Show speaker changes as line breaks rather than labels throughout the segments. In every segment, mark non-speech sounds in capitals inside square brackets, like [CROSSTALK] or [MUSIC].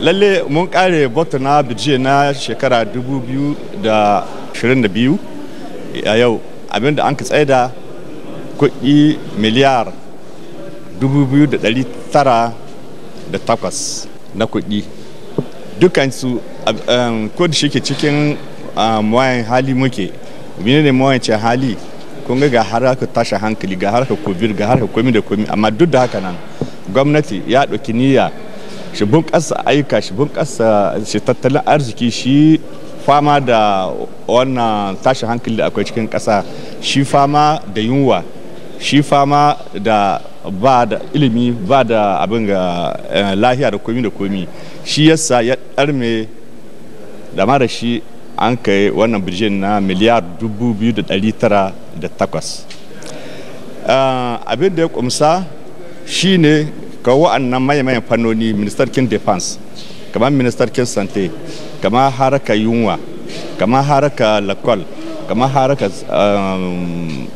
lalle mun kare bottle na bije na shekara 2022 a yau abinda an ka tsaida kuɗi miliyar 2,908 na kuɗi su um, kudi shi ke cikin mawayan um, hali muke mene ne mawayancin hali kun ga haraka tashi hankali ga haraka covid ga haraka komi da komi amma duk da haka nan gwamnati ya ɗauki niyya shi bunƙasa aika shi bunƙasa shi tattalin arziki shi fama da wannan tashin hankali da akwai cikin ƙasa shi fama da yunwa shi fama da ba da ilimi ba da abin ga eh, lahiya da komi da komi shi yasa ya ɗarme da mara shi an kai wannan birjin na miliyar takwas. Eh, abin da ya kumsa shi ne. ga wa'annan mayan fannoni ministerkin defense kamar ministerkin sante kamar haraka yunwa kamar haraka lakwal kamar haraka um,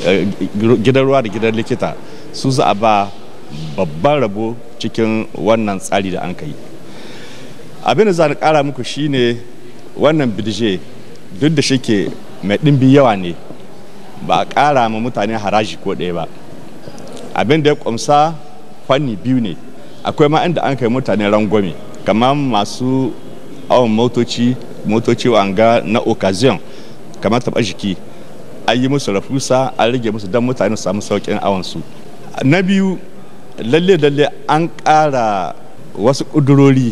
eh, gidan ruwa da gidan likita su za a ba babban rabo cikin wannan tsari da an kai abin da za a kara muku shine wannan bidje duk da shike mai ɗimbi yawa ne ba a kara ma mutane haraji ko ɗaya ba abin da ya kwamsa fanni biyu ne akwai ma inda an kai mutane rangwame kamar masu awon motoci motoci wanga na occasion kamar taba jiki an yi musu rafusa an rage musu don mutane su samu saukin awon su na biyu lalle lalle an ƙara wasu ƙudurori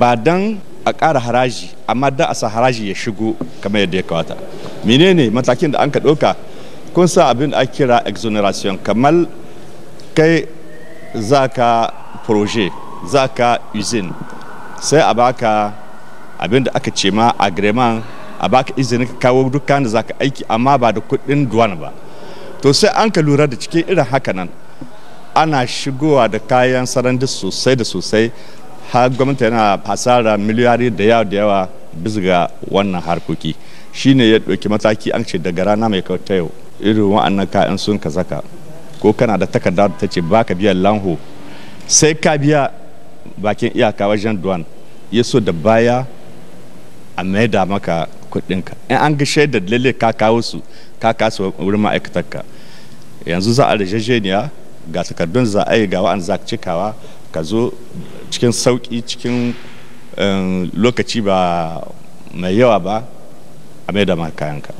ba don a ƙara haraji amma da a sa haraji ya shigo kamar yadda ya kawata menene matakin da an ka ɗauka kun sa abin da ake kira exoneration kamar kai za ka proje za ka usine sai a baka abin da aka ce ma agreement a baka izini ka kawo dukkan da za ka aiki amma ba da kudin duwan ba to sai an ka lura da cikin irin haka nan ana shigowa da kayan sarandi sosai da sosai har gwamnati yana hasara miliyari da yawa da yawa bisa ga wannan harkoki shine ya ɗauki mataki an ce daga rana mai kyau ta yau irin wa'annan kayan sun ka ko kana da takarda ta ce ba ka biya lanho sai ka biya bakin iyaka wajen duwan ya so da baya a da maka kudinka in an ga da lalle ka kawo su ka kasu wurin ma'aikatarka yanzu za a rajajeniya ga takardun za a yi ga wa'an za cikawa ka zo cikin sauki cikin eh, lokaci ba mai yawa ba a mai da maka kayanka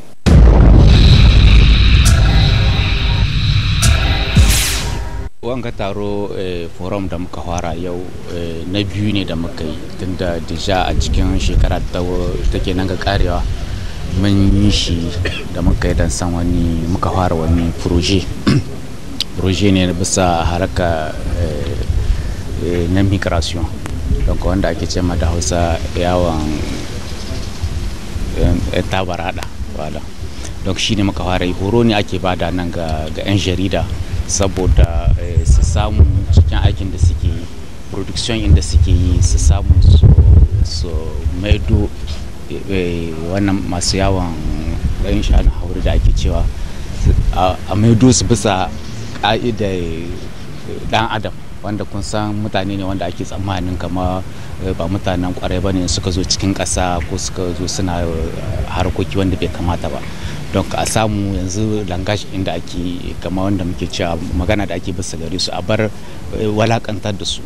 ka taro eh, forum da muka fara yau eh, na biyu ne da muka yi tunda deja a cikin shekara ta take nan ga karewa mun yi shi da muka yi dan san wani muka fara wani proje [CLEARS THROAT] proje ne bisa haraka eh, na migration don wanda ake ce da hausa yawon tabarada wala don shi ne muka fara yi horo ne ake bada nan ga 'yan jarida saboda eh, su samu cikin aikin da suke yi production inda suke yi su samu su maido eh, wannan masu yawon ɗan shanu hauri da ake cewa a maido su bisa ƙa'idar ɗan adam wanda kun san mutane ne wanda ake tsammanin kama eh, ba mutanen kwarai ba ne suka zo cikin ƙasa ko suka zo suna harkoki wanda bai kamata ba don a samu yanzu langashi inda ake kama wanda muke cewa magana da ake bisa gare su a bar eh, walakantar da su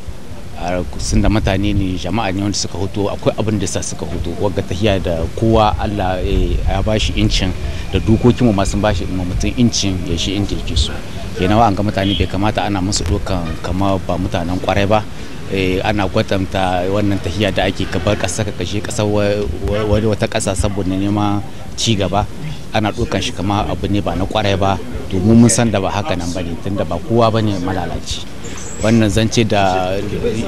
sun da mutane ne jama'a ne wanda suka hoto akwai abin da sa suka hoto wagga tahiya da kowa Allah eh, ya bashi incin da dokokin mu masu bashi ma mutum incin ya shi inda yake su kenan wa an ga mutane bai kamata ana masu dokan kama ba mutanen kwarai ba eh, ana kwatanta wannan tahiya da ake kabar kasa ka kashe kasa wata kasa saboda neman ci gaba ana ɗaukan shi kama abu ne ba na kwarai ba domin mun san da ba haka nan bane da ba kowa bane malalaci wannan zance da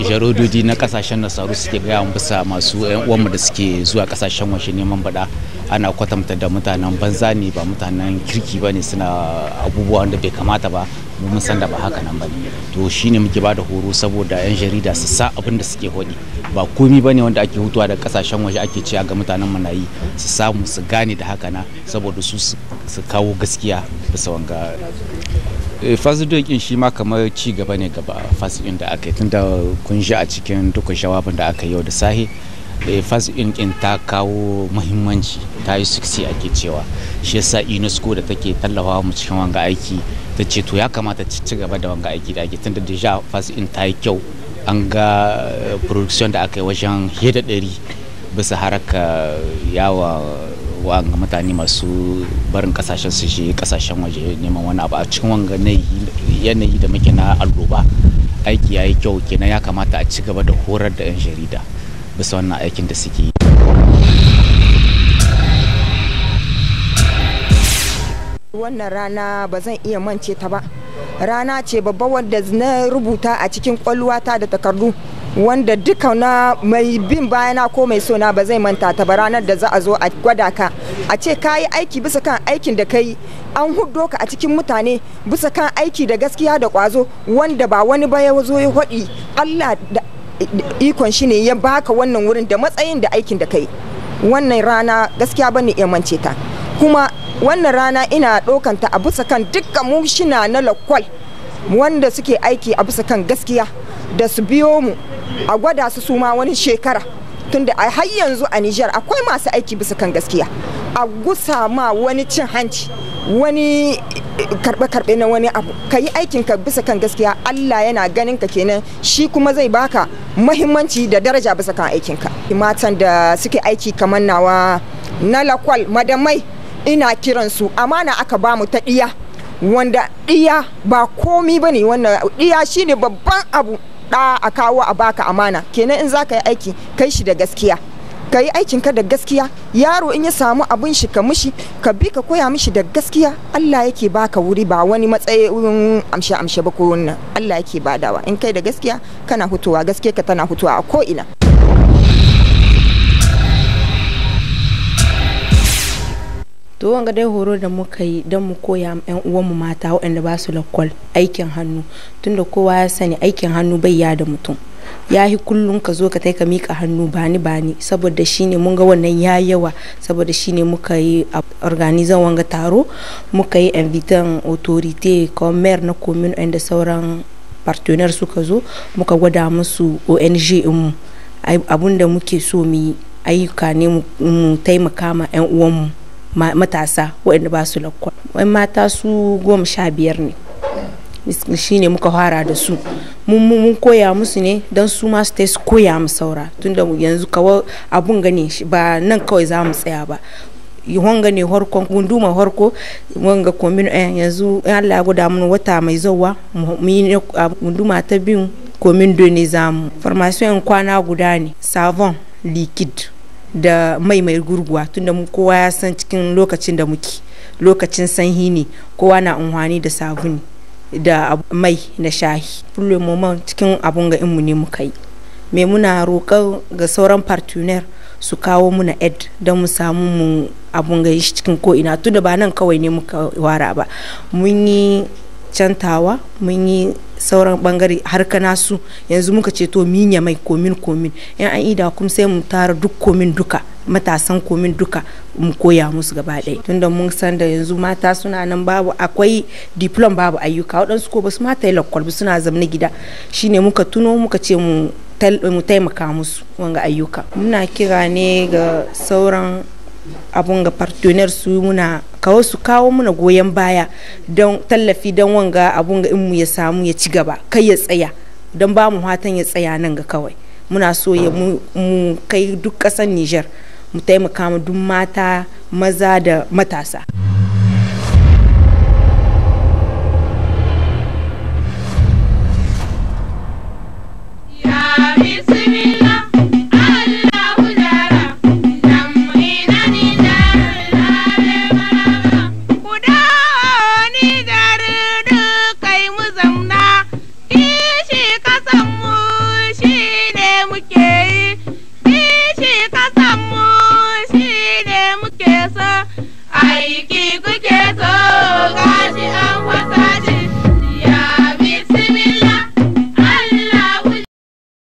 jarododi na kasashen nasaru suke gaya bisa masu yan uwanmu da suke zuwa kasashen washe neman bada ana kwatanta da mutanen banza ne ba mutanen kirki ba suna abubuwa wanda bai kamata ba mun san da ba haka nan ba to shine muke ba da horo saboda yan jarida su sa abin da suke hodi ba komi bane wanda ake hutuwa da kasashen waje ake cewa ga mutanen mu nayi su samu su gane da haka na saboda su su kawo gaskiya bisa wanga eh, fasidokin shi ma kamar ci gaba ne gaba fasidokin da aka yi tunda kun ji a cikin duka shawabin da aka yau da sahi eh, fasidokin din ta kawo muhimmanci ta yi suksi ake cewa shi yasa unesco da take tallafawa mu cikin wanga aiki ta ce to ya kamata ci gaba da wanga aiki da ake tunda deja fast in ta yi kyau an ga eh, production da aka yi wajen fiye da ɗari bisa haraka yawa wanga mutane masu barin kasashen su je kasashen waje neman wani abu a cikin wanga yanayi da muke na alloba aiki ya yi kyau kenan ya kamata a ci gaba da horar da 'yan jarida bisa wannan aikin da suke yi
wannan rana ba zan iya mance ta ba rana ce babba wadda na rubuta a cikin kwalwata da takardu wanda duka na mai bin bayana ko mai sona ba zai manta ta ba ranar da za a zo a gwada ka a ce ka yi aiki bisa kan aikin da ka yi an hudo ka a cikin mutane bisa kan aiki da gaskiya da kwazo wanda ba wani ba ya zo ya allah da ikon shi ne ya baka wannan wurin da matsayin da aikin da ka yi wannan rana gaskiya ba ni iya mance ta kuma wannan rana ina ɗaukanta a bisa kan dukkan mushina na lakwal wanda suke aiki a bisa kan gaskiya da su biyo mu a gwada su suma wani shekara tunda a har yanzu a Nijar akwai masu aiki bisa kan gaskiya a gusa ma wani cin hanci wani eh, karbe-karbe na wani abu ka yi aikinka bisa kan gaskiya Allah yana ganin ka kenan shi kuma zai baka mahimmanci da daraja bisa kan aikinka matan da suke aiki kamar nawa na lakwal madamai ina kiran su amana aka bamu ta ɗiya wanda ɗiya ba komi ba ne wannan ɗiya shine babban abu ɗa a kawo a baka amana kenan in za ka yi aiki kai shi da gaskiya ka yi ka da gaskiya yaro in ya samu abin shi ka mushi ka bi ka koya mishi da gaskiya Allah yake baka wuri ba wani matsayin amshe amshe ba ko Allah yake badawa in kai da gaskiya kana hutuwa gaskiya ka tana hutuwa a ko ina
to wanga dai horo da muka yi don mu koya yan uwanmu mata waɗanda ba su lakwal aikin hannu tunda kowa ya sani aikin hannu bai ya da mutum ya yi kullum ka zo ka tai ka mika hannu bani bani saboda shi mun ga wannan ya yawa saboda shi ne muka yi a organizan wanga taro muka yi invitan autorite comer na komin da sauran partner suka zo muka gwada musu ong mu abun da muke so mu yi ayyuka ne mu taimaka ma 'yan uwanmu matasa waɗanda ba su lakwal wani mata su goma sha biyar ne shi ne muka fara da su mun koya musu ne don su ma su koya mu saura tunda yanzu kawai abun gani ba nan kawai za mu tsaya ba wanga ne harkon gunduma harko wanga komin eh, yanzu ya guda mun wata mai zauwa mu yi gunduma ta biyu komin ne zamu farmasiyon kwana guda ne savon liquid da mai mai gurguwa tunda mu kowa ya san cikin lokacin da muke lokacin sanyi ne kowa na unhwani da sabuni da mai na shahi fulmoman cikin abun ga inmu ne muka yi me muna roƙar ga sauran partner su kawo muna ed don mu samu mu abun ga cikin ko'ina tunda ba nan kawai ne muka wara ba mun yi cantawa mun yi sauran bangare harka nasu yanzu muka ce to min ya mai komin komin yan an ida kuma sai mu tara duk komin duka matasan komin duka mu koya musu gaba ɗaya tunda mun san da yanzu mata suna nan babu akwai diplom babu ayyuka waɗansu ko basu mata yi lakwal suna zamna gida shine muka tuno muka ce mu mu taimaka musu wanga ayyuka muna kira ne ga sauran abun ga partner su muna ka wasu kawo muna goyon baya don tallafi don wanga abun ga mu ya samu ya ci gaba kai ya tsaya don ba mu hatan ya tsaya nan ga kawai muna so ya mu kai duk ƙasan Nijar mu taimaka mu duk mata maza da matasa.